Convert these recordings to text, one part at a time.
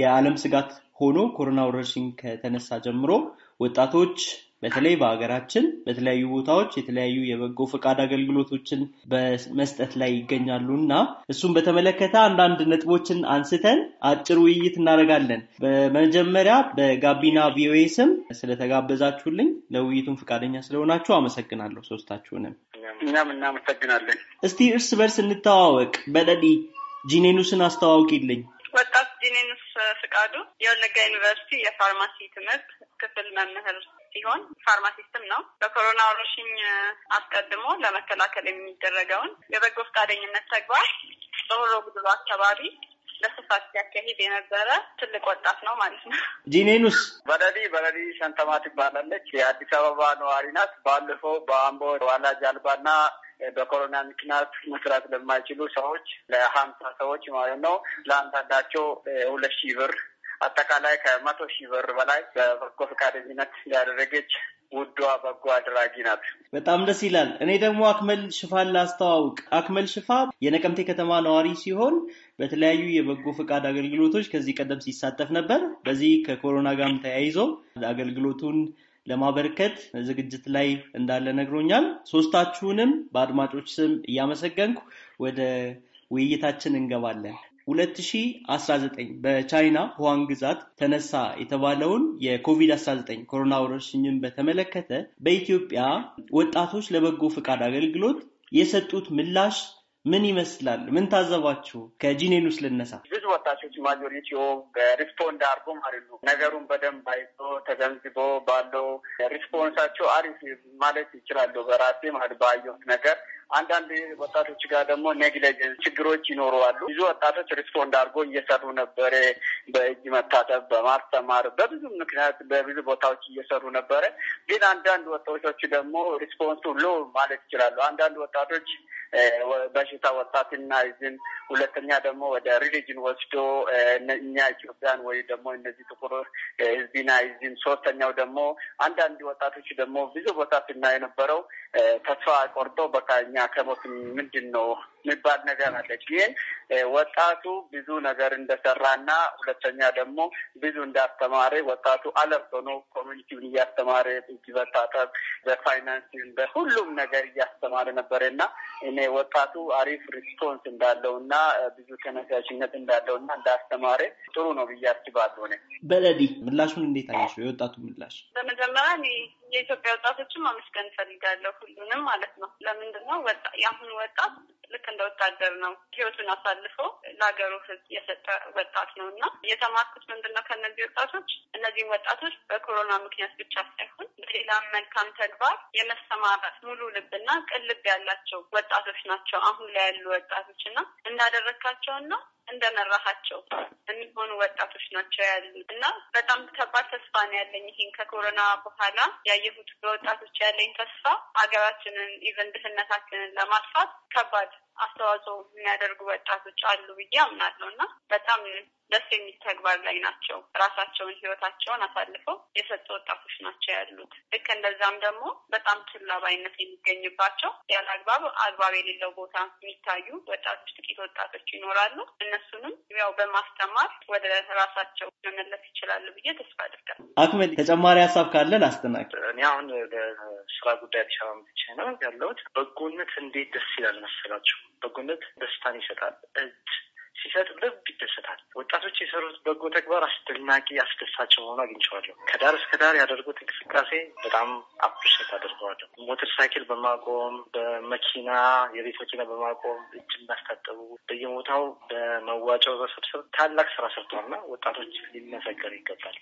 የዓለም ስጋት ሆኖ ኮሮና ወረርሽኝ ከተነሳ ጀምሮ ወጣቶች በተለይ በሀገራችን በተለያዩ ቦታዎች የተለያዩ የበጎ ፈቃድ አገልግሎቶችን በመስጠት ላይ ይገኛሉ እና እሱን በተመለከተ አንዳንድ ነጥቦችን አንስተን አጭር ውይይት እናደርጋለን። በመጀመሪያ በጋቢና ቪኦኤ ስም ስለተጋበዛችሁልኝ ለውይይቱን ፈቃደኛ ስለሆናችሁ አመሰግናለሁ ሶስታችሁንም። እኛም እናመሰግናለን። እስቲ እርስ በርስ እንተዋወቅ። በደዲ ጂኔኑስን አስተዋውቂልኝ። ወጣት ጂኔኑስ ፍቃዱ የወለጋ ዩኒቨርሲቲ የፋርማሲ ትምህርት ክፍል መምህር ሲሆን ፋርማሲስትም ነው። በኮሮና ወረርሽኝ አስቀድሞ ለመከላከል የሚደረገውን የበጎ ፈቃደኝነት ተግባር በሆሮ ጉድሩ አካባቢ በስፋት ሲያካሂድ የነበረ ትልቅ ወጣት ነው ማለት ነው። ጂኔኑስ በለዲ በለዲ ሸንተማ ትባላለች። የአዲስ አበባ ነዋሪ ናት። ባለፈው በአምቦ ዋላ ጃልባና በኮሮና ምክንያት መስራት ለማይችሉ ሰዎች ለሀምሳ ሰዎች ማለት ነው ለአንዳንዳቸው ሁለት ሺህ ብር አጠቃላይ ከመቶ ሺህ ብር በላይ በበጎ ፈቃደኝነት ያደረገች ውዷ በጎ አድራጊ ናት። በጣም ደስ ይላል። እኔ ደግሞ አክመል ሽፋን ላስተዋውቅ። አክመል ሽፋ የነቀምቴ ከተማ ነዋሪ ሲሆን በተለያዩ የበጎ ፈቃድ አገልግሎቶች ከዚህ ቀደም ሲሳተፍ ነበር። በዚህ ከኮሮና ጋርም ተያይዞ አገልግሎቱን ለማበርከት ዝግጅት ላይ እንዳለ ነግሮኛል። ሶስታችሁንም በአድማጮች ስም እያመሰገንኩ ወደ ውይይታችን እንገባለን። 2019 በቻይና ሁዋን ግዛት ተነሳ የተባለውን የኮቪድ-19 ኮሮና ወረርሽኝን በተመለከተ በኢትዮጵያ ወጣቶች ለበጎ ፈቃድ አገልግሎት የሰጡት ምላሽ ምን ይመስላል? ምን ታዘባችሁ? ከጂኔኑስ ልነሳ። ብዙ ወጣቶች ማጆሪቲ ሪስፖንድ አርጎ ማለት ነው ነገሩን በደንብ አይቶ ተገንዝቦ ባለው ሪስፖንሳቸው አሪፍ ማለት ይችላሉ። በራሴ ማለት ባየሁት ነገር አንዳንድ ወጣቶች ጋር ደግሞ ኔግሌጀንስ ችግሮች ይኖረዋሉ። ብዙ ወጣቶች ሪስፖንድ አድርጎ እየሰሩ ነበረ። በእጅ መታጠብ፣ በማስተማር በብዙ ምክንያት በብዙ ቦታዎች እየሰሩ ነበረ። ግን አንዳንድ ወጣቶች ደግሞ ሪስፖንሱ ሎ ማለት ይችላሉ። አንዳንድ ወጣቶች በሽታ ወጣትና ይዝን ሁለተኛ ደግሞ ወደ ሪሊጅን ወስዶ እኛ ኢትዮጵያን ወይ ደግሞ እነዚህ ጥቁር ህዝቢና ይዝን ሶስተኛው ደግሞ አንዳንድ ወጣቶች ደግሞ ብዙ ቦታ ስናይ የነበረው ተስፋ ቆርጦ በቃ እኛ ከሞት ምንድን ነው የሚባል ነገር አለ። ግን ወጣቱ ብዙ ነገር እንደሰራና ሁለተኛ ደግሞ ብዙ እንዳስተማረ ወጣቱ አለርት ሆኖ ኮሚኒቲውን እያስተማረ እጅ በታጠብ በፋይናንሲን በሁሉም ነገር እያስተማረ ነበረ እና እኔ ወጣቱ አሪፍ ሪስፖንስ እንዳለው እና ብዙ ተነሳሽነት እንዳለው እና እንዳስተማረ ጥሩ ነው ብዬ አስባለሁ። ነ በለዲ ምላሹን እንዴት አየሽው? የወጣቱ ምላሽ በመጀመሪያ የኢትዮጵያ ወጣቶችን ማመስገን እፈልጋለሁ። ሁሉንም ማለት ነው። ለምንድን ነው የአሁኑ ወጣት ልክ እንደ ወታደር ነው ህይወቱን አሳልፎ ለሀገሩ ህዝብ የሰጠ ወጣት ነው እና የተማርኩት ምንድን ነው ከእነዚህ ወጣቶች እነዚህም ወጣቶች በኮሮና ምክንያት ብቻ ሳይሆን በሌላም መልካም ተግባር የመሰማራት ሙሉ ልብና ቅን ልብ ያላቸው ወጣቶች ናቸው አሁን ላይ ያሉ ወጣቶች እና እንዳደረግካቸውና እንደመራሃቸው የሚሆኑ ወጣቶች ናቸው ያሉ እና በጣም ከባድ ተስፋ ነው ያለኝ። ይህን ከኮሮና በኋላ ያየሁት በወጣቶች ያለኝ ተስፋ ሀገራችንን ኢቨን ድህነታችንን ለማጥፋት ከባድ አስተዋጽኦ የሚያደርጉ ወጣቶች አሉ ብዬ አምናለሁ እና በጣም ደስ የሚል ተግባር ላይ ናቸው። ራሳቸውን ህይወታቸውን አሳልፈው የሰጡ ወጣቶች ናቸው ያሉት። ልክ እንደዛም ደግሞ በጣም ችላ የሚገኝባቸው ያለ አግባብ አግባብ የሌለው ቦታ የሚታዩ ወጣቶች ጥቂት ወጣቶች ይኖራሉ። እነሱንም ያው በማስተማር ወደ ራሳቸው መመለስ ይችላሉ ብዬ ተስፋ አድርጋለሁ። አክመድ ተጨማሪ ሀሳብ ካለ ላስተናግድ። እኔ አሁን ለስራ ጉዳይ አዲስ አበባ መጥቼ ነው ያለሁት። በጎነት እንዴት ደስ ይላል መሰላቸው። በጎነት ደስታን ይሰጣል። እጅ ሲሰጥ ልብ ይደሰታል። ወጣቶች የሰሩት በጎ ተግባር አስደናቂ፣ አስደሳች መሆኑ አግኝቸዋለሁ። ከዳር እስከ ዳር ያደርጉት እንቅስቃሴ በጣም አፕሪሼት አደርገዋለሁ። ሞተር ሳይክል በማቆም በመኪና የቤት መኪና በማቆም እጅ እናስታጠቡ በየቦታው በመዋጫው በሰብሰብ ታላቅ ስራ ሰርቷልና ወጣቶች ሊመሰገር ይገባል።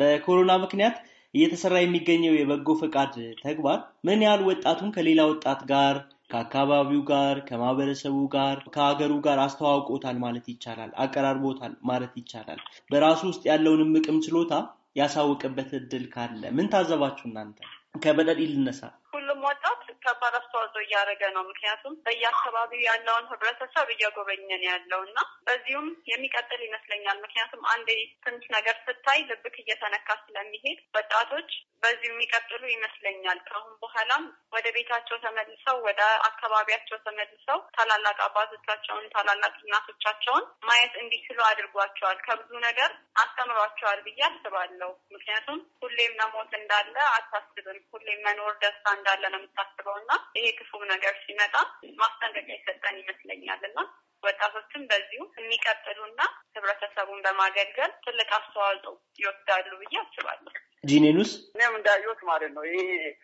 በኮሮና ምክንያት እየተሰራ የሚገኘው የበጎ ፈቃድ ተግባር ምን ያህል ወጣቱን ከሌላ ወጣት ጋር ከአካባቢው ጋር ከማህበረሰቡ ጋር ከሀገሩ ጋር አስተዋውቆታል ማለት ይቻላል፣ አቀራርቦታል ማለት ይቻላል። በራሱ ውስጥ ያለውን እምቅም ችሎታ ያሳወቅበት እድል ካለ ምን ታዘባችሁ እናንተ? ከበደል ይልነሳል ሁሉም ወጣት ከባድ አስተዋጽኦ እያደረገ ነው። ምክንያቱም በየአካባቢው ያለውን ህብረተሰብ እየጎበኘን ያለው እና በዚሁም የሚቀጥል ይመስለኛል። ምክንያቱም አንድ ትንሽ ነገር ስታይ ልብክ እየተነካ ስለሚሄድ ወጣቶች በዚሁ የሚቀጥሉ ይመስለኛል። ከአሁን በኋላም ወደ ቤታቸው ተመልሰው ወደ አካባቢያቸው ተመልሰው ታላላቅ አባቶቻቸውን ታላላቅ እናቶቻቸውን ማየት እንዲችሉ አድርጓቸዋል። ከብዙ ነገር አስተምሯቸዋል ብዬ አስባለሁ። ምክንያቱም ሁሌም መሞት እንዳለ አታስብም። ሁሌም መኖር ደስታ እንዳለ ነው የምታስበው እና ይሄ ክፉም ነገር ሲመጣ ማስጠንቀቂያ ይሰጠን ይመስለኛል እና ወጣቶችም በዚሁ የሚቀጥሉና ህብረተሰቡን በማገልገል ትልቅ አስተዋጽኦ ይወስዳሉ ብዬ አስባለሁ። ጂኔኑስ እኔም እንዳየሁት ማለት ነው። ይሄ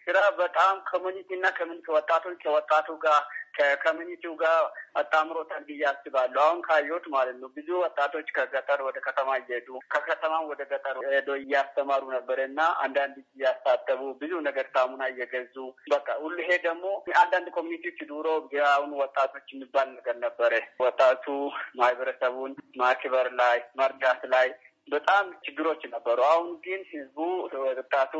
ስራ በጣም ኮሚኒቲ እና ኮሚኒቲ ወጣቶች ከወጣቱ ጋር ከኮሚኒቲው ጋር አጣምሮታል ብዬ አስባለሁ። አሁን ካየሁት ማለት ነው። ብዙ ወጣቶች ከገጠር ወደ ከተማ እየሄዱ ከከተማም ወደ ገጠር ሄዶ እያስተማሩ ነበር እና አንዳንድ እያሳተቡ ብዙ ነገር ሳሙና እየገዙ በቃ ሁሉ ይሄ ደግሞ አንዳንድ ኮሚኒቲዎች ድሮ አሁን ወጣቶች የሚባል ነገር ነበረ። ወጣቱ ማህበረሰቡን ማክበር ላይ መርዳት ላይ በጣም ችግሮች ነበሩ። አሁን ግን ህዝቡ ወጣቱ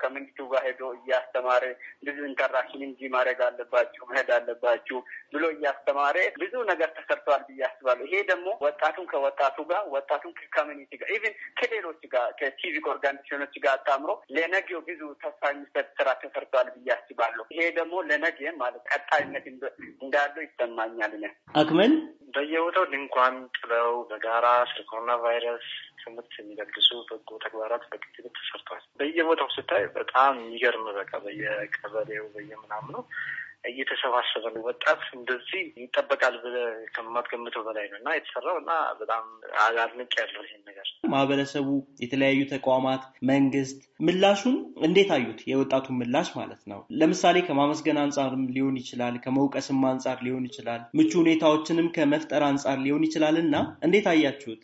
ከመንግስቱ ጋር ሄዶ እያስተማረ ብዙ ኢንተራክሽን እንጂ ማድረግ አለባችሁ መሄድ አለባችሁ ብሎ እያስተማረ ብዙ ነገር ተሰርተዋል ብዬ አስባለሁ። ይሄ ደግሞ ወጣቱን ከወጣቱ ጋር ወጣቱን ከኮሚኒቲ ጋር ኢቭን ከሌሎች ጋር ከሲቪክ ኦርጋኒዜሽኖች ጋር አጣምሮ ለነገው ብዙ ተስፋ የሚሰጥ ስራ ተሰርተዋል ብዬ አስባለሁ። ይሄ ደግሞ ለነገ ማለት ቀጣይነት እንዳለው ይሰማኛል። አክመል በየቦታው ድንኳን ጥለው በጋራ ስለ ኮሮና ቫይረስ ትምህርት የሚለግሱ በጎ ተግባራት በቅድም ተሰርተዋል። በየቦታው ስታይ በጣም የሚገርም በቃ በየቀበሌው በየምናምኑ እየተሰባሰበ ነው። ወጣት እንደዚህ ይጠበቃል ብለህ ከማትገምተው በላይ ነው እና የተሰራው እና በጣም አድንቅ ያለው ይህን ነገር ማህበረሰቡ፣ የተለያዩ ተቋማት፣ መንግስት ምላሹን እንዴት አዩት? የወጣቱን ምላሽ ማለት ነው። ለምሳሌ ከማመስገን አንጻርም ሊሆን ይችላል፣ ከመውቀስም አንጻር ሊሆን ይችላል፣ ምቹ ሁኔታዎችንም ከመፍጠር አንጻር ሊሆን ይችላል እና እንዴት አያችሁት?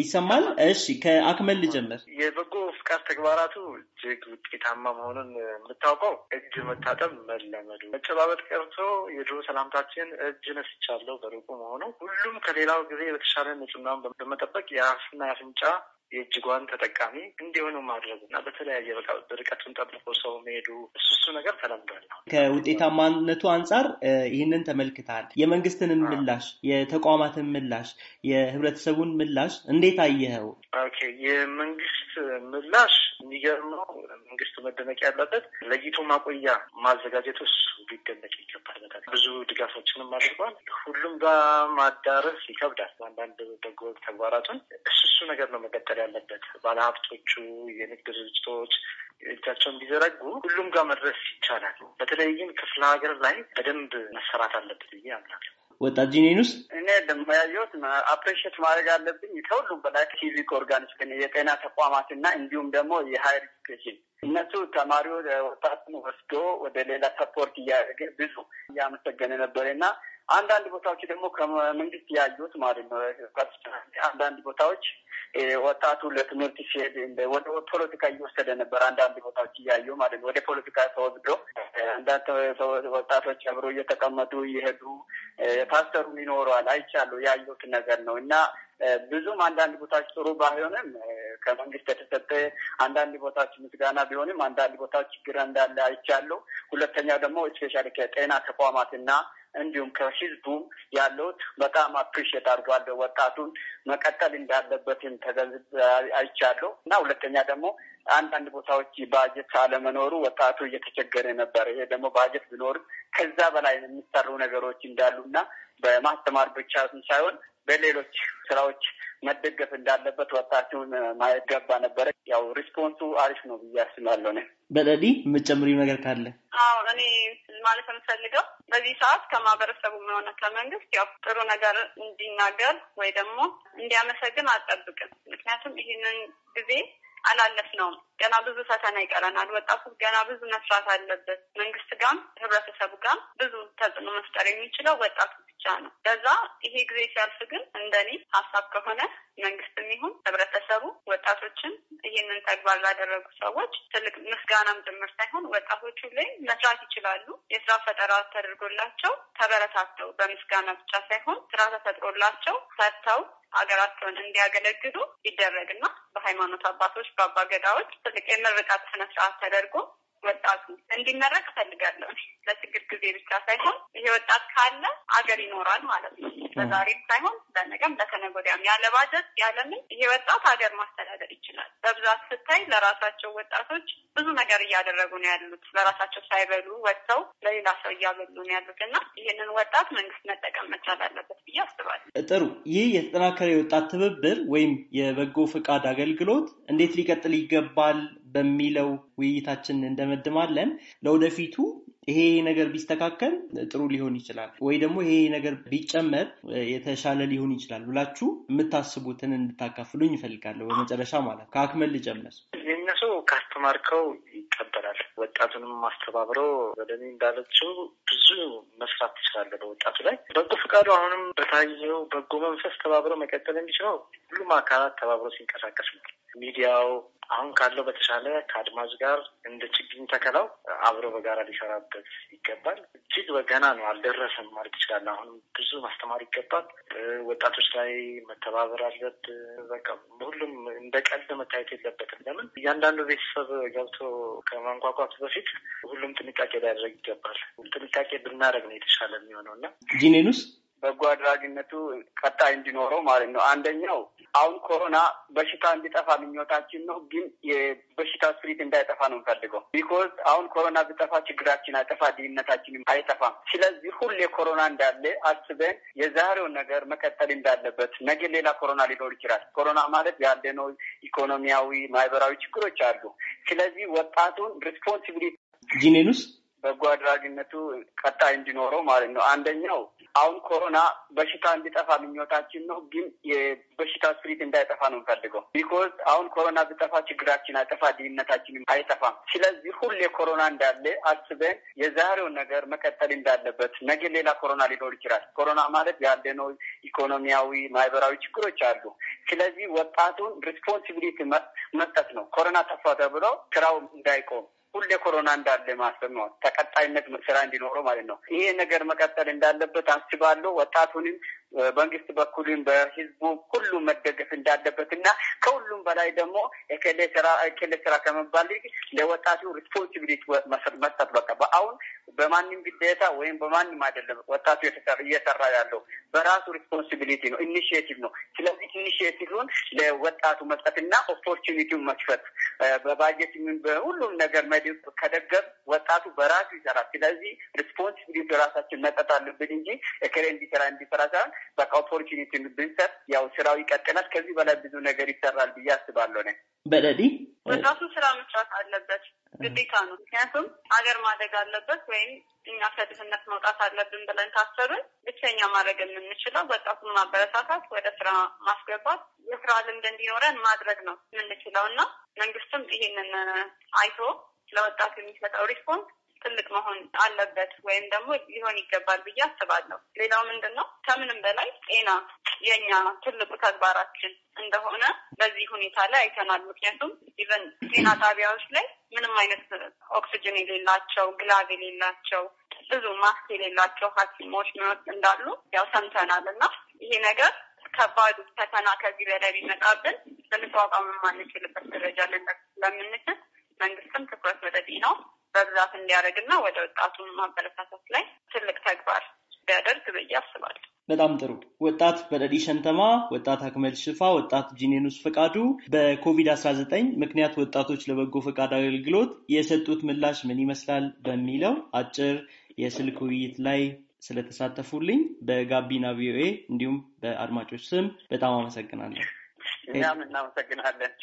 ይሰማል። እሺ፣ ከአክመል ልጀምር። የበጎ ፍቃድ ተግባራቱ እጅግ ውጤታማ መሆኑን የምታውቀው እጅ መታጠብ መለመዱ መጨባበጥ ቀርቶ የድሮ ሰላምታችን እጅ ነስቻለሁ በሩቁ መሆኑ ሁሉም ከሌላው ጊዜ በተሻለ ንጽህናውን በመጠበቅ የአፍና የአፍንጫ የእጅ ተጠቃሚ እንዲሆኑ ማድረጉ እና በተለያየ በቃ ርቀቱን ጠብቆ ሰው መሄዱ እሱ እሱ ነገር ተለምዷል። ከውጤታማነቱ አንጻር ይህንን ተመልክታል የመንግስትንም ምላሽ፣ የተቋማትን ምላሽ፣ የህብረተሰቡን ምላሽ እንዴት አየኸው? ኦኬ የመንግስት ምላሽ የሚገርመው መንግስት መደነቅ ያለበት ለይቶ ማቆያ ማዘጋጀት እሱ ሊደነቅ ይገባል። በጣም ብዙ ድጋፎችንም አድርጓል። ሁሉም ጋር ማዳረስ ይከብዳል። አንዳንድ በጎ ተግባራቱን እሱ እሱ ነገር ነው መቀጠል ያለበት። ባለሀብቶቹ፣ የንግድ ድርጅቶች እጃቸውን ቢዘረጉ ሁሉም ጋር መድረስ ይቻላል። በተለይም ክፍለ ሀገር ላይ በደንብ መሰራት አለበት ብዬ አምናለሁ። ወጣት ጂኔን እኔ ደግሞ ያየሁት አፕሬሽት ማድረግ አለብኝ ከሁሉም በላይ ሲቪክ ኦርጋኒዜሽን የጤና ተቋማትና እንዲሁም ደግሞ የሀይር ኤዱኬሽን እነሱ ተማሪው ወጣቱን ወስዶ ወደ ሌላ ሰፖርት እያደረገ ብዙ እያመሰገነ ነበር እና አንዳንድ ቦታዎች ደግሞ ከመንግስት ያዩት ማለት ነው። አንዳንድ ቦታዎች ወጣቱ ለትምህርት ሲሄድ ወደ ፖለቲካ እየወሰደ ነበር። አንዳንድ ቦታዎች እያዩ ማለት ነው። ወደ ፖለቲካ ተወግዶ አንዳንድ ወጣቶች አብሮ እየተቀመጡ እየሄዱ የታሰሩ ይኖረዋል። አይቻሉ ያዩት ነገር ነው እና ብዙም አንዳንድ ቦታዎች ጥሩ ባይሆንም ከመንግስት የተሰጠ አንዳንድ ቦታዎች ምስጋና ቢሆንም አንዳንድ ቦታዎች ችግር እንዳለ አይቻሉ። ሁለተኛ ደግሞ ስፔሻሊ ከጤና ተቋማት ተቋማትና እንዲሁም ከህዝቡ ያለውት በጣም አፕሪሽት አድርጓለሁ። ወጣቱን መቀጠል እንዳለበትን ተገንዝብ አይቻለሁ እና ሁለተኛ ደግሞ አንዳንድ ቦታዎች ባጀት አለመኖሩ ወጣቱ እየተቸገረ ነበር። ይሄ ደግሞ ባጀት ቢኖርም ከዛ በላይ የሚሰሩ ነገሮች እንዳሉ እና በማስተማር ብቻ ሳይሆን በሌሎች ስራዎች መደገፍ እንዳለበት ወጣችሁን ማየት ገባ ነበረ። ያው ሪስፖንሱ አሪፍ ነው ብዬ አስባለሁ። ነ በለዲ የምትጨምሪው ነገር ካለ? አዎ እኔ ማለት የምፈልገው በዚህ ሰዓት ከማህበረሰቡ የሆነ ከመንግስት ያው ጥሩ ነገር እንዲናገር ወይ ደግሞ እንዲያመሰግን አልጠብቅም። ምክንያቱም ይህንን ጊዜ አላለፍነውም። ገና ብዙ ፈተና ይቀረናል። ወጣቱ ገና ብዙ መስራት አለበት። መንግስት ጋም ህብረተሰቡ ጋም ብዙ ተጽዕኖ መፍጠር የሚችለው ወጣቱ ብቻ ነው። ከዛ ይሄ ጊዜ ሲያልፍ ግን እንደኔ ሀሳብ ከሆነ መንግስትም ይሁን ህብረተሰቡ ወጣቶችን ይህንን ተግባር ላደረጉ ሰዎች ትልቅ ምስጋናም ጭምር ሳይሆን ወጣቶቹ ላይ መስራት ይችላሉ። የስራ ፈጠራ ተደርጎላቸው ተበረታተው በምስጋና ብቻ ሳይሆን ስራ ተፈጥሮላቸው ሰርተው ሀገራቸውን እንዲያገለግሉ ይደረግና በሃይማኖት አባቶች በአባገዳዎች ትልቅ የምርቃት ስነስርዓት ተደርጎ ወጣቱ እንዲመረቅ እፈልጋለሁ። ለችግር ጊዜ ብቻ ሳይሆን ይሄ ወጣት ካለ አገር ይኖራል ማለት ነው። በዛሬም ሳይሆን በነገም ለተነገ ወዲያም ያለ ባጀት ያለምን ይሄ ወጣት ሀገር ማስተዳደር ይችላል። በብዛት ስታይ ለራሳቸው ወጣቶች ብዙ ነገር እያደረጉ ነው ያሉት። ለራሳቸው ሳይበሉ ወጥተው ለሌላ ሰው እያበሉ ነው ያሉት እና ይህንን ወጣት መንግስት መጠቀም መቻል አለበት ብዬ አስባለሁ። ጥሩ። ይህ የተጠናከረ የወጣት ትብብር ወይም የበጎ ፈቃድ አገልግሎት እንዴት ሊቀጥል ይገባል? በሚለው ውይይታችን እንደመድማለን። ለወደፊቱ ይሄ ነገር ቢስተካከል ጥሩ ሊሆን ይችላል ወይ ደግሞ ይሄ ነገር ቢጨመር የተሻለ ሊሆን ይችላል ብላችሁ የምታስቡትን እንድታካፍሉኝ ይፈልጋለሁ። በመጨረሻ ማለት ከአክመል ልጨምር። እነሱ ካስተማርከው ይቀበላል። ወጣቱንም ማስተባብረው ወደ እንዳለችው ብዙ መስራት ትችላለ። በወጣቱ ላይ በጎ ፈቃዱ አሁንም በታየው በጎ መንፈስ ተባብረው መቀጠል የሚችለው ሁሉም አካላት ተባብረው ሲንቀሳቀስ ነው ሚዲያው አሁን ካለው በተሻለ ከአድማጭ ጋር እንደ ችግኝ ተከላው አብሮ በጋራ ሊሰራበት ይገባል። እጅግ በገና ነው፣ አልደረሰም ማለት ይችላል። አሁንም ብዙ ማስተማር ይገባል። ወጣቶች ላይ መተባበር አለት በቃ ሁሉም እንደ ቀልድ መታየት የለበትም። ለምን እያንዳንዱ ቤተሰብ ገብቶ ከማንኳኳቱ በፊት ሁሉም ጥንቃቄ ሊያደርግ ይገባል። ጥንቃቄ ብናደርግ ነው የተሻለ የሚሆነው እና ጂኔን በጎ አድራጊነቱ ቀጣይ እንዲኖረው ማለት ነው። አንደኛው አሁን ኮሮና በሽታ እንዲጠፋ ምኞታችን ነው፣ ግን የበሽታ ስሪት እንዳይጠፋ ነው እንፈልገው። ቢኮዝ አሁን ኮሮና ቢጠፋ ችግራችን አይጠፋ፣ ድህነታችንም አይጠፋም። ስለዚህ ሁሌ ኮሮና እንዳለ አስበን የዛሬውን ነገር መቀጠል እንዳለበት፣ ነገ ሌላ ኮሮና ሊኖር ይችላል። ኮሮና ማለት ያለነው ኢኮኖሚያዊ፣ ማህበራዊ ችግሮች አሉ። ስለዚህ ወጣቱን ሪስፖንሲቢሊቲ ጂኔኑስ በጎ አድራጊነቱ ቀጣይ እንዲኖረው ማለት ነው። አንደኛው አሁን ኮሮና በሽታ እንዲጠፋ ምኞታችን ነው፣ ግን የበሽታ ስፕሪት እንዳይጠፋ ነው እንፈልገው። ቢኮዝ አሁን ኮሮና ብጠፋ ችግራችን አይጠፋ፣ ድህነታችንም አይጠፋም። ስለዚህ ሁሌ ኮሮና እንዳለ አስበን የዛሬውን ነገር መቀጠል እንዳለበት፣ ነገ ሌላ ኮሮና ሊኖር ይችላል። ኮሮና ማለት ያለነው ኢኮኖሚያዊ፣ ማህበራዊ ችግሮች አሉ። ስለዚህ ወጣቱን ሪስፖንሲቢሊቲ መስጠት ነው። ኮሮና ጠፋ ተብሎ ስራው እንዳይቆም ሁሌ ኮሮና እንዳለ ማሰብ ነው። ተቀጣይነት ስራ እንዲኖረው ማለት ነው። ይሄ ነገር መቀጠል እንዳለበት አስባለሁ። ወጣቱንም በመንግስት በኩልም በህዝቡ ሁሉም መደገፍ እንዳለበት እና ከሁሉም በላይ ደግሞ የክልል ስራ ስራ ከመባል ለወጣቱ ሪስፖንሲቢሊቲ መስጠት በቃ በአሁን በማንም ግዴታ ወይም በማንም አይደለም። ወጣቱ እየሰራ ያለው በራሱ ሪስፖንሲቢሊቲ ነው፣ ኢኒሽቲቭ ነው። ስለዚህ ኢኒሽቲቭን ለወጣቱ መስጠትና ኦፖርቹኒቲውን መክፈት በባጀት በሁሉም ነገር መድ ከደገብ ወጣቱ በራሱ ይሰራል። ስለዚህ ሪስፖንሲቢሊቲ ራሳችን መጠጥ አለብን እንጂ እከሌ እንዲሰራ እንዲሰራ ሳይሆን በቃ ኦፖርቹኒቲ ብንሰጥ ያው ስራው ይቀጥላል። ከዚህ በላይ ብዙ ነገር ይሰራል ብዬ አስባለሁ። ነ በለዲ ወጣቱ ስራ መስራት አለበት። ግዴታ ነው። ምክንያቱም ሀገር ማደግ አለበት ወይም እኛ ከድህነት መውጣት አለብን ብለን ካሰብን ብቸኛ ማድረግ የምንችለው ወጣቱን ማበረታታት፣ ወደ ስራ ማስገባት፣ የስራ ልምድ እንዲኖረን ማድረግ ነው የምንችለው እና መንግስትም ይሄንን አይቶ ለወጣቱ የሚሰጠው ሪስፖንስ ትልቅ መሆን አለበት ወይም ደግሞ ሊሆን ይገባል ብዬ አስባለሁ። ሌላው ምንድን ነው ከምንም በላይ ጤና የእኛ ትልቁ ተግባራችን እንደሆነ በዚህ ሁኔታ ላይ አይተናል። ምክንያቱም ኢቨን ጤና ጣቢያዎች ላይ ምንም አይነት ኦክስጅን የሌላቸው ግላብ የሌላቸው ብዙ ማስክ የሌላቸው ሐኪሞች ምኖች እንዳሉ ያው ሰምተናል እና ይሄ ነገር ከባዱ ፈተና ከዚህ በላይ ቢመጣብን ልንቋቋም የማንችልበት ደረጃ ልንደርስ ስለምንችል መንግስትም ትኩረት ወደ ነው በብዛት እንዲያደርግና ወደ ወጣቱ ማበረታታት ላይ ትልቅ ተግባር ቢያደርግ ብዬ አስባለሁ። በጣም ጥሩ ወጣት በደዲ ሸንተማ፣ ወጣት አክመል ሽፋ፣ ወጣት ጂኔኑስ ፈቃዱ በኮቪድ-19 ምክንያት ወጣቶች ለበጎ ፈቃድ አገልግሎት የሰጡት ምላሽ ምን ይመስላል በሚለው አጭር የስልክ ውይይት ላይ ስለተሳተፉልኝ በጋቢና ቪኦኤ እንዲሁም በአድማጮች ስም በጣም አመሰግናለሁ። እኛም እናመሰግናለን።